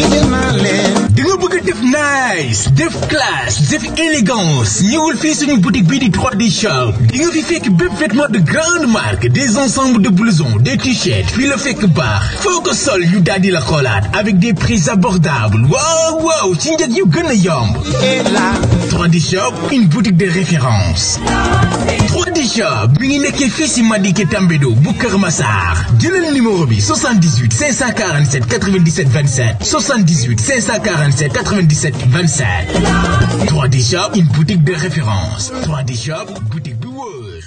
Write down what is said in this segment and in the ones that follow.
bëggal naa leen di nga bëgg a def nice def classe def élégance fii suñu boutique bii di 3D shop di nga fi fekk bépp de grande marque des ensembles de blousons des t-shirts fii la fekk baax foo ko sol ñu daal la xoolaat avec des prix abordables waaw waaw ci njëg yu gën et là 3D shop une boutique de référence 3D Shop mi ngi nekkee fii si Massar jëlal numéro bi 78 547 97 27 78 547 97 27 3D Shop une boutique de référence 3D Shop boutique de world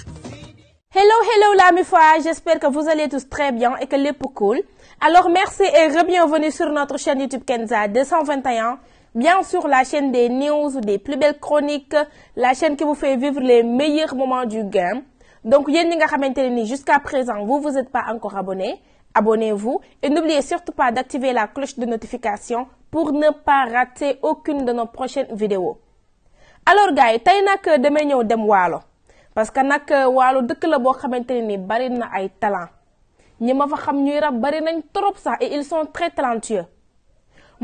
hello hello la mi j'espère que vous allez tous très bien et que lépp cool alors merci et re-bienvenue sur notre chaîne YouTube Kenza 221 bien sûr la chaîne des news, des plus belles chroniques, la chaîne qui vous fait vivre les meilleurs moments du game. Donc, jusqu'à présent, vous vous êtes pas encore abonné. Abonnez-vous et n'oubliez surtout pas d'activer la cloche de notification pour ne pas rater aucune de nos prochaines vidéos. Alors gars yi tey nag damay dem walo parce que nak euh, walo deuk la bo a ni bari na ay talent ñi ma fa xam ñuy bari nañ trop sax et ils sont très talentueux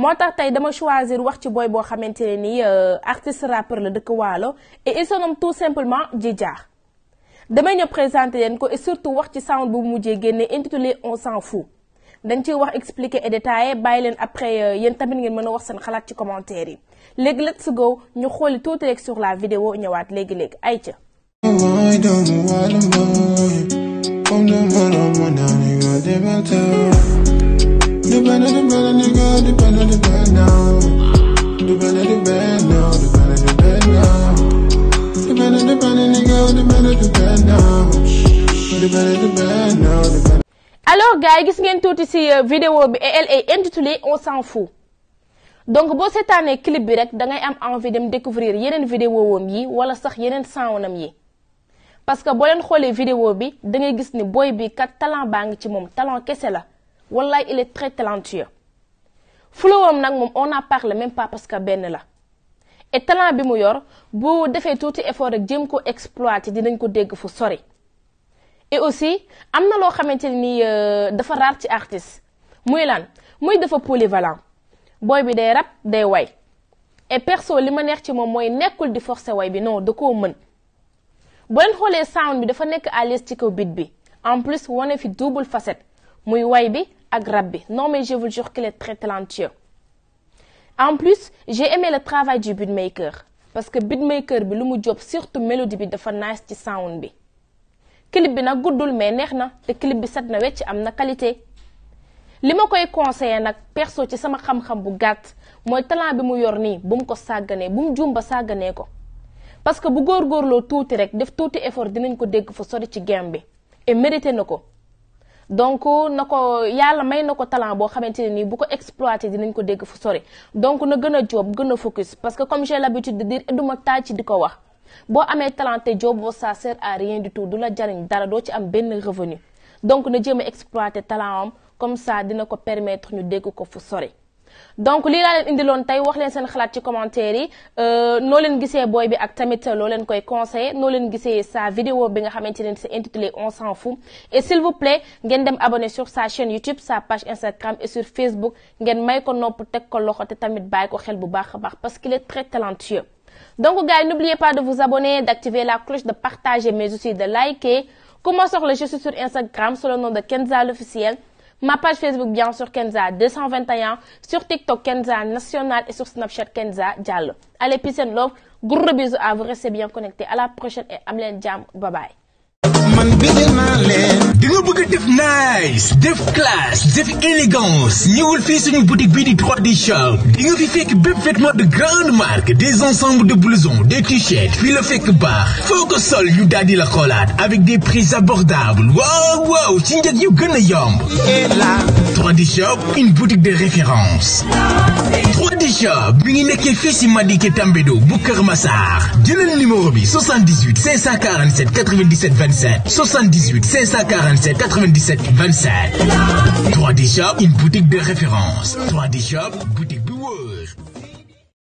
moo tay dama choisir wax ci boy bo xamante ni euh, artiste rappeur la dëkk walo et il se tout simplement Djidja dama ñu présenter leen ko et surtout wax ci sound bu mujjé génne intitulé on s'en fout dañ ci wax expliquer et détailler bàyyi leen après euh, yéen tamit ngeen mëna wax sen xalaat ci commentaire yi léegi let's go ñu xoli tout rek sur la vidéo ñëwaat léegi-léegi ay ca now. Du better, du yi gis ngeen tuuti ci euh, vidéo bi et elle est on s'en fout. donc boo seetaanee clip bi rek da ngay am envie dem découvrir yeneen vidéo wam yi wala sax yeneen sawnam yi parce que boo xoolee vidéo bi da ngay gis ni booy bi kat talent baa ngi ci moom talent kese la wallaay il est très flowam nag moom on n'en parle même pas parce que benn la et bi mu yor bu defee tuuti effort rek jëm ko exploiter dinañ ko dégg fu sori et aussi am na loo xamante ni euh, dafa raar ci artiste muy lan muy dafa polyvalent booy bi day rap day way et person li ma neex ci moom mooy nekkul di forcer way bi non da koo mën boo leen xoolee sound bi dafa nekk à ci kaw bit bi en plus wane fi double facette muy way bi ak rap bi non mais je vous jure qu'il est très talentueux en plus j'ai aimé le travail du beatmaker parce que beatmaker bi lu mu job surtout mélodie bi dafa nice ci sound bi clip bi nag guddul mais neex na te clip bi set na wecc am na qualité li ma koy conseiller nag perso ci sama xam-xam bu gàtt mooy talent bi mu yor nii bu mu ko sàgganee bu mu juum sàgganee ko parce que bu góor góorloo tuuti rek def tuuti effort dinañ ko dégg fa sori ci game bi et na ko donc na ko yàlla may na ko talent boo xamante ne nii bu ko exploité dinañ ko dégg fu sori donc na gën a job gën a focus parce que comme j'ai l'habitude de dire duma taaj ci di ko wax boo amee talent te jooboo ça sert à rien du tout du la jariñ dara doo ci am benn revenu donc na jéem a exploité talent am comme ça dina ko permettre ñu dégg ko fu sori donc lii laa leen indiloon tay wax len sen xalaat ci commentaire yi euh, no len gisee boy bi ak tamit lo len koy conseillé no len gisee sa vidéo bi nga xamanteni c'est intitulé on s'en fout et s'il vous plaît ngeen dem abonner sur sa chaîne YouTube sa page Instagram et sur Facebook ngeen may ko nopp tek ko loxo te tamit bay ko xel bu baax bax parce qu'il est très talentueux donc gars n'oubliez pas de vous abonner d'activer la cloche de partager mais aussi de liker Comment sort le je suis sur Instagram sous le nom de Kenza l'officiel Ma page Facebook, bien sûr, Kenza 221. Sur TikTok, Kenza National. Et sur Snapchat, Kenza Diallo. Allez, peace and love. Gros bisous à vous. Restez bien connectés. À la prochaine et Amlen Jam. Bye bye di nga bëgg nice, def nice def classe def élégance ñëwal sur suñu boutique bii 3D shop di nga vêtements de grande marque des ensembles de blousons des t-shirts puis le fekk baax foo ko sol yu la avec des prix abordables wow, wow, ci you yu gën a et là 3D shop une boutique de référence. 3D shop bi ngi nekkee fii si Madické Tambédou Le Massar numéro bi 78 547 97 27 78 547. 27, 97 27. 3D Shop, une boutique de référence. 3D Shop, boutique